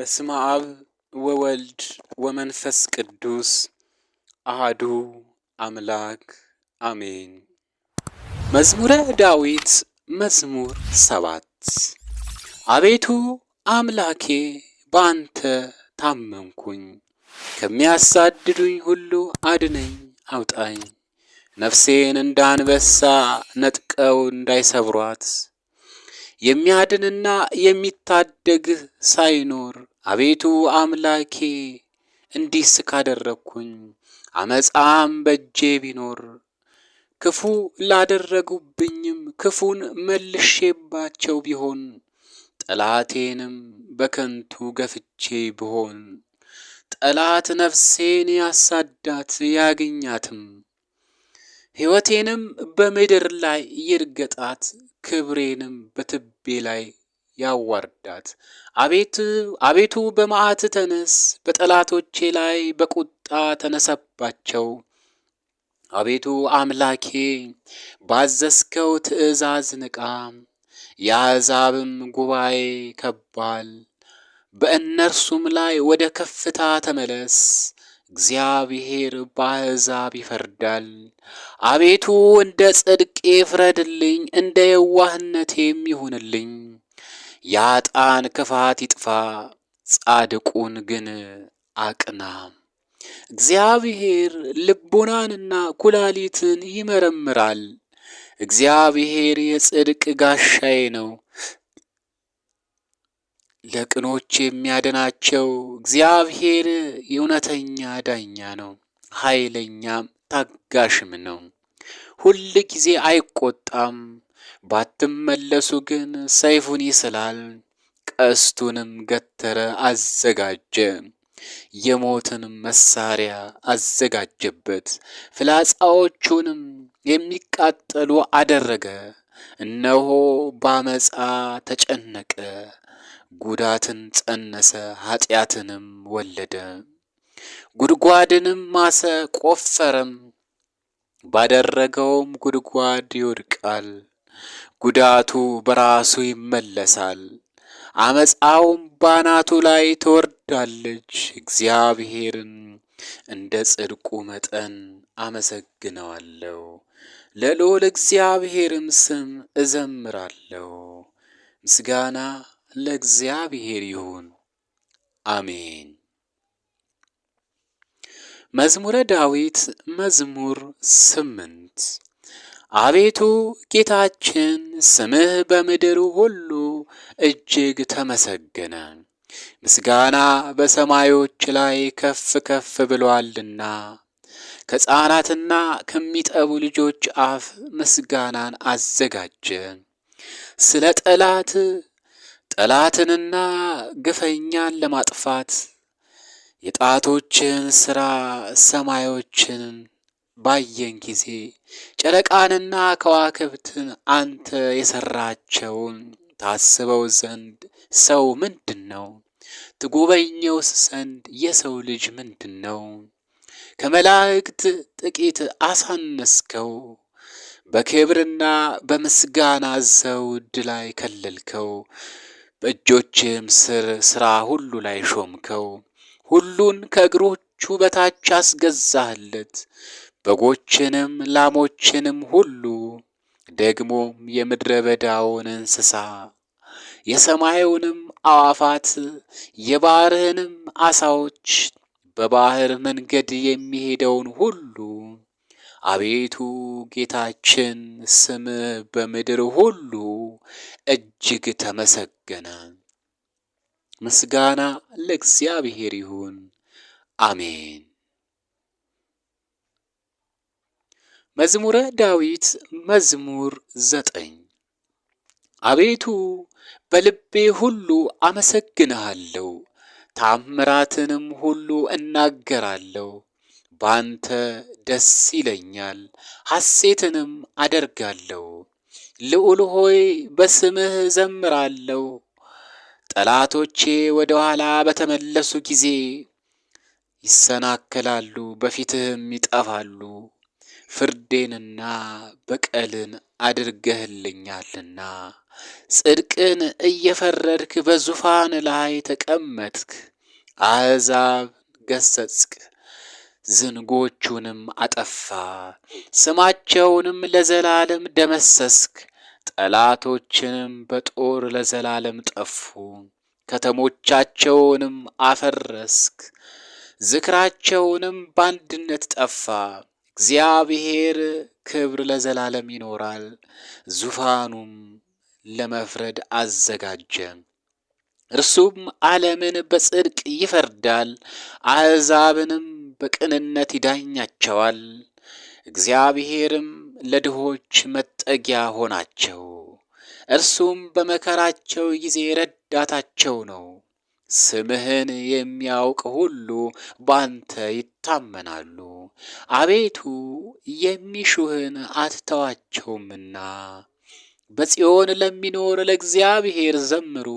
በስመ አብ ወወልድ ወመንፈስ ቅዱስ አህዱ አምላክ አሜን። መዝሙረ ዳዊት መዝሙር ሰባት አቤቱ አምላኬ በአንተ ታመንኩኝ፣ ከሚያሳድዱኝ ሁሉ አድነኝ አውጣኝ፣ ነፍሴን እንደ አንበሳ ነጥቀው እንዳይሰብሯት የሚያድንና የሚታደግህ ሳይኖር አቤቱ አምላኬ እንዲህ ካደረግኩኝ አመፃም በእጄ ቢኖር ክፉ ላደረጉብኝም ክፉን መልሼባቸው ቢሆን ጠላቴንም በከንቱ ገፍቼ ብሆን ጠላት ነፍሴን ያሳዳት ያግኛትም፣ ሕይወቴንም በምድር ላይ ይርገጣት፣ ክብሬንም በትቤ ላይ ያዋርዳት። አቤቱ አቤቱ በመዓት ተነስ፣ በጠላቶቼ ላይ በቁጣ ተነሰባቸው። አቤቱ አምላኬ ባዘዝከው ትእዛዝ ንቃ። የአሕዛብም ጉባኤ ከባል በእነርሱም ላይ ወደ ከፍታ ተመለስ። እግዚአብሔር በአሕዛብ ይፈርዳል። አቤቱ እንደ ጽድቄ ፍረድልኝ፣ እንደ የዋህነቴም ይሁንልኝ። ያጣን ክፋት ይጥፋ፣ ጻድቁን ግን አቅና። እግዚአብሔር ልቦናንና ኩላሊትን ይመረምራል። እግዚአብሔር የጽድቅ ጋሻዬ ነው፣ ለቅኖች የሚያድናቸው። እግዚአብሔር የእውነተኛ ዳኛ ነው፣ ኃይለኛም ታጋሽም ነው። ሁል ጊዜ አይቆጣም። ባትመለሱ ግን ሰይፉን ይስላል፣ ቀስቱንም ገተረ አዘጋጀ፣ የሞትን መሳሪያ አዘጋጀበት፣ ፍላጻዎቹንም የሚቃጠሉ አደረገ። እነሆ ባመፃ ተጨነቀ፣ ጉዳትን ጸነሰ፣ ኃጢአትንም ወለደ። ጉድጓድንም ማሰ፣ ቆፈረም፣ ባደረገውም ጉድጓድ ይወድቃል። ጉዳቱ በራሱ ይመለሳል፣ አመፃውም ባናቱ ላይ ትወርዳለች። እግዚአብሔርን እንደ ጽድቁ መጠን አመሰግነዋለሁ፣ ለልዑል እግዚአብሔርም ስም እዘምራለሁ። ምስጋና ለእግዚአብሔር ይሁን፣ አሜን። መዝሙረ ዳዊት መዝሙር ስምንት አቤቱ ጌታችን ስምህ በምድር ሁሉ እጅግ ተመሰገነ፣ ምስጋና በሰማዮች ላይ ከፍ ከፍ ብሏልና። ከሕፃናትና ከሚጠቡ ልጆች አፍ ምስጋናን አዘጋጀ። ስለ ጠላት ጠላትንና ግፈኛን ለማጥፋት የጣቶችን ሥራ ሰማዮችን ባየን ጊዜ ጨረቃንና ከዋክብትን አንተ የሰራቸውን ታስበው ዘንድ ሰው ምንድን ነው? ትጎበኘውስ ዘንድ የሰው ልጅ ምንድን ነው? ከመላእክት ጥቂት አሳነስከው፣ በክብርና በምስጋና ዘውድ ላይ ከለልከው፣ በእጆችም ስር ሥራ ሁሉ ላይ ሾምከው፣ ሁሉን ከእግሮቹ በታች አስገዛህለት። በጎችንም ላሞችንም ሁሉ ደግሞም የምድረ በዳውን እንስሳ የሰማዩንም አዋፋት የባህርህንም አሳዎች በባህር መንገድ የሚሄደውን ሁሉ አቤቱ ጌታችን ስምህ በምድር ሁሉ እጅግ ተመሰገነ። ምስጋና ለእግዚአብሔር ይሁን፣ አሜን። መዝሙረ ዳዊት መዝሙር ዘጠኝ አቤቱ በልቤ ሁሉ አመሰግንሃለሁ፣ ታምራትንም ሁሉ እናገራለሁ። ባንተ ደስ ይለኛል፣ ሐሴትንም አደርጋለሁ። ልዑል ሆይ በስምህ ዘምራለሁ። ጠላቶቼ ወደ ኋላ በተመለሱ ጊዜ ይሰናከላሉ፣ በፊትህም ይጠፋሉ። ፍርዴንና በቀልን አድርገህልኛልና ጽድቅን እየፈረድክ በዙፋን ላይ ተቀመጥክ። አሕዛብ ገሰጽክ፣ ዝንጎቹንም አጠፋ፣ ስማቸውንም ለዘላለም ደመሰስክ። ጠላቶችንም በጦር ለዘላለም ጠፉ፣ ከተሞቻቸውንም አፈረስክ፣ ዝክራቸውንም በአንድነት ጠፋ። እግዚአብሔር ክብር ለዘላለም ይኖራል፣ ዙፋኑም ለመፍረድ አዘጋጀ። እርሱም ዓለምን በጽድቅ ይፈርዳል፣ አሕዛብንም በቅንነት ይዳኛቸዋል። እግዚአብሔርም ለድሆች መጠጊያ ሆናቸው፣ እርሱም በመከራቸው ጊዜ ረዳታቸው ነው። ስምህን የሚያውቅ ሁሉ ባንተ ይታመናሉ። አቤቱ የሚሹህን አትተዋቸውምና። በጽዮን ለሚኖር ለእግዚአብሔር ዘምሩ፣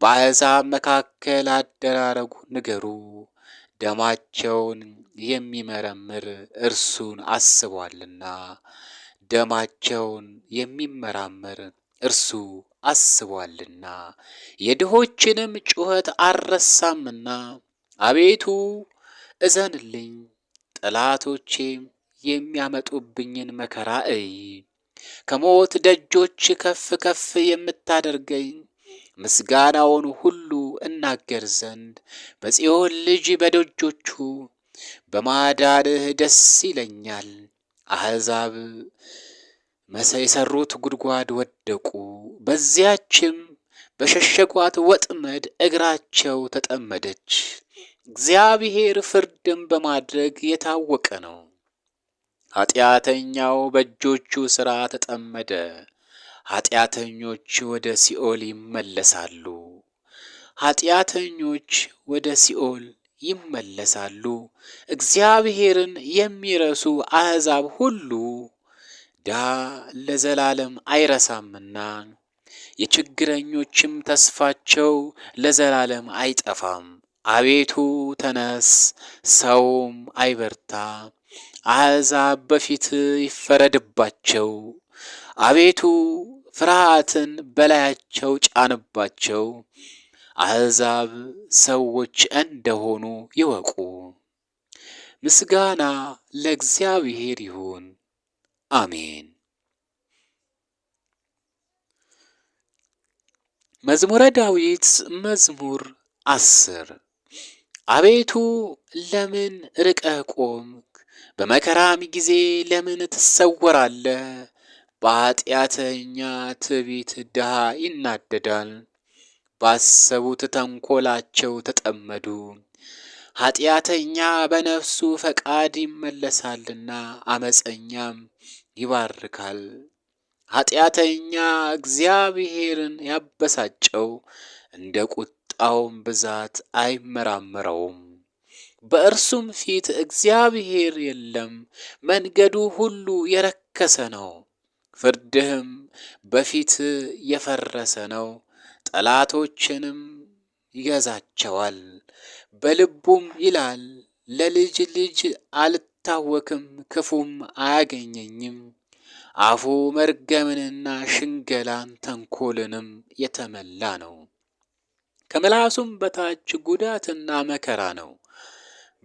በአሕዛብ መካከል አደራረጉ ንገሩ። ደማቸውን የሚመረምር እርሱን አስቧልና፣ ደማቸውን የሚመራመር እርሱ አስቧልና፣ የድሆችንም ጩኸት አልረሳምና። አቤቱ እዘንልኝ ጠላቶቼም የሚያመጡብኝን መከራ እይ። ከሞት ደጆች ከፍ ከፍ የምታደርገኝ ምስጋናውን ሁሉ እናገር ዘንድ በጽዮን ልጅ በደጆቹ በማዳንህ ደስ ይለኛል። አሕዛብ የሰሩት የሠሩት ጉድጓድ ወደቁ፣ በዚያችም በሸሸጓት ወጥመድ እግራቸው ተጠመደች። እግዚአብሔር ፍርድን በማድረግ የታወቀ ነው። ኃጢአተኛው በእጆቹ ሥራ ተጠመደ። ኃጢአተኞች ወደ ሲኦል ይመለሳሉ። ኃጢአተኞች ወደ ሲኦል ይመለሳሉ። እግዚአብሔርን የሚረሱ አሕዛብ ሁሉ ዳ ለዘላለም አይረሳምና የችግረኞችም ተስፋቸው ለዘላለም አይጠፋም። አቤቱ ተነስ፣ ሰውም አይበርታ፣ አሕዛብ በፊት ይፈረድባቸው። አቤቱ ፍርሃትን በላያቸው ጫንባቸው፣ አሕዛብ ሰዎች እንደሆኑ ይወቁ። ምስጋና ለእግዚአብሔር ይሁን፣ አሜን። መዝሙረ ዳዊት መዝሙር አስር አቤቱ ለምን ርቀህ ቆምክ? በመከራም ጊዜ ለምን ትሰወራለህ? በኃጢአተኛ ትዕቢት ድሃ ይናደዳል፣ ባሰቡት ተንኮላቸው ተጠመዱ። ኃጢአተኛ በነፍሱ ፈቃድ ይመለሳልና አመፀኛም ይባርካል። ኃጢአተኛ እግዚአብሔርን ያበሳጨው እንደ ቁጣ የቁጣውም ብዛት አይመራመረውም። በእርሱም ፊት እግዚአብሔር የለም። መንገዱ ሁሉ የረከሰ ነው፣ ፍርድህም በፊት የፈረሰ ነው። ጠላቶችንም ይገዛቸዋል። በልቡም ይላል ለልጅ ልጅ አልታወክም፣ ክፉም አያገኘኝም። አፉ መርገምንና ሽንገላን ተንኮልንም የተመላ ነው። ከምላሱም በታች ጉዳትና መከራ ነው።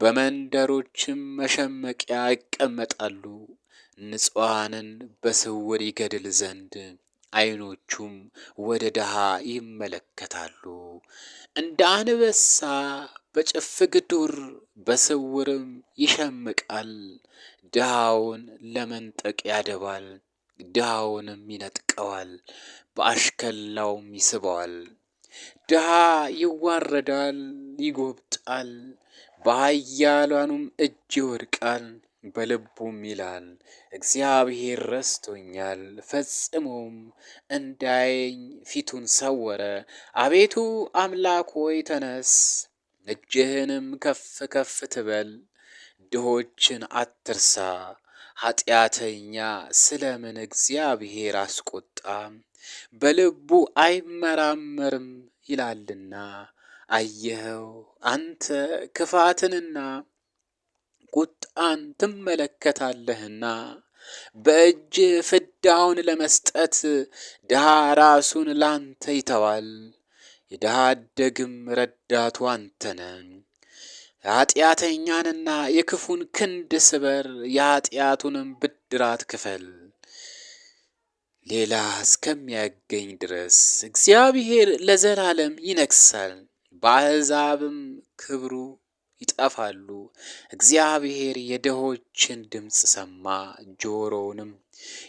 በመንደሮችም መሸመቂያ ይቀመጣሉ። ንጹሐንን በስውር ይገድል ዘንድ ዓይኖቹም ወደ ድሃ ይመለከታሉ። እንደ አንበሳ በጭፍግ ዱር በስውርም ይሸምቃል። ድሃውን ለመንጠቅ ያደባል፣ ድሃውንም ይነጥቀዋል፣ በአሽከላውም ይስበዋል። ድሃ ይዋረዳል፣ ይጎብጣል፣ በኃያላኑም እጅ ይወድቃል። በልቡም ይላል እግዚአብሔር ረስቶኛል፣ ፈጽሞም እንዳይኝ ፊቱን ሰወረ። አቤቱ አምላክ ሆይ ተነስ፣ እጅህንም ከፍ ከፍ ትበል፣ ድሆችን አትርሳ። ኃጢአተኛ ስለምን እግዚአብሔር አስቆጣ? በልቡ አይመራመርም ይላልና። አየኸው አንተ ክፋትንና ቁጣን ትመለከታለህና በእጅ ፍዳውን ለመስጠት ድሃ ራሱን ላንተ ይተዋል። የድሃ አደግም ረዳቱ አንተ ነህ። የክፉን ክንድ ስበር፣ የኃጢአቱንም ብድራት ክፈል። ሌላ እስከሚያገኝ ድረስ እግዚአብሔር ለዘላለም ይነግሣል፣ በአሕዛብም ክብሩ ይጠፋሉ። እግዚአብሔር የደሆችን ድምፅ ሰማ፣ ጆሮውንም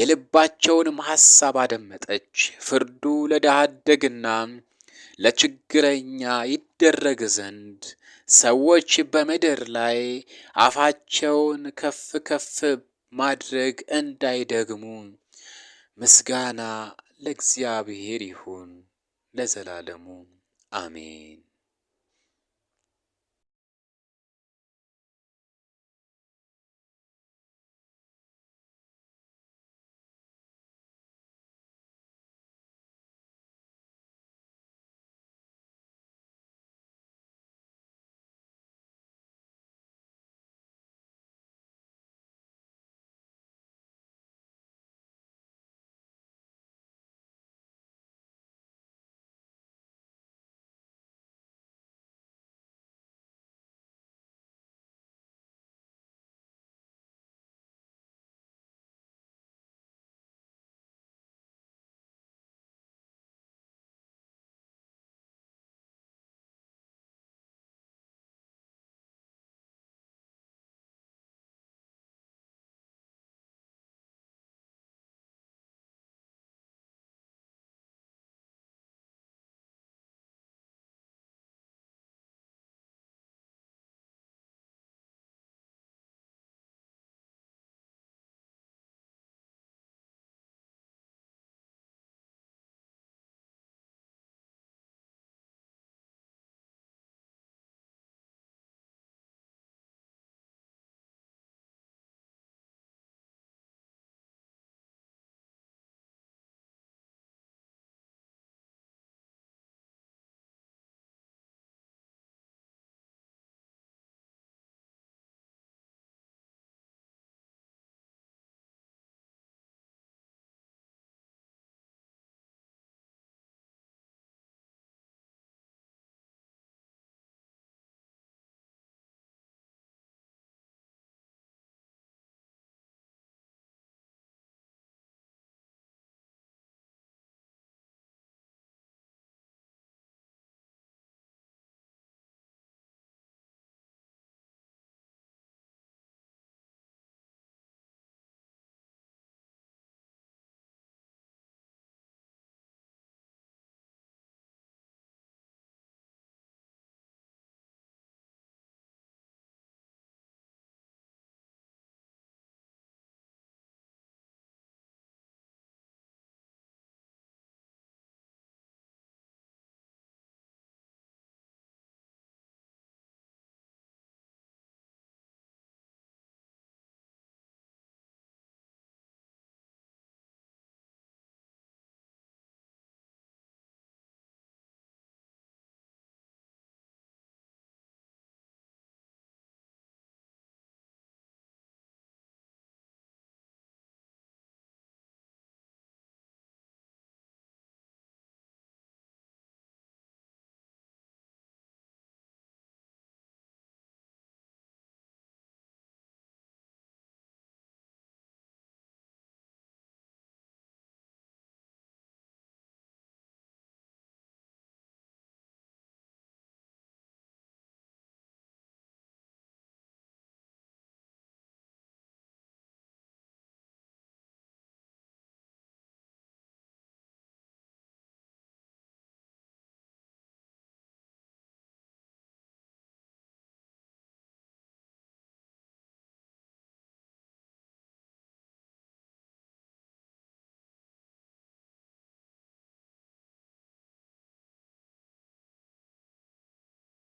የልባቸውንም ሐሳብ አደመጠች። ፍርዱ ለዳሃደግና አደግና ለችግረኛ ይደረግ ዘንድ ሰዎች በምድር ላይ አፋቸውን ከፍ ከፍ ማድረግ እንዳይደግሙ ምስጋና ለእግዚአብሔር ይሁን ለዘላለሙ አሜን።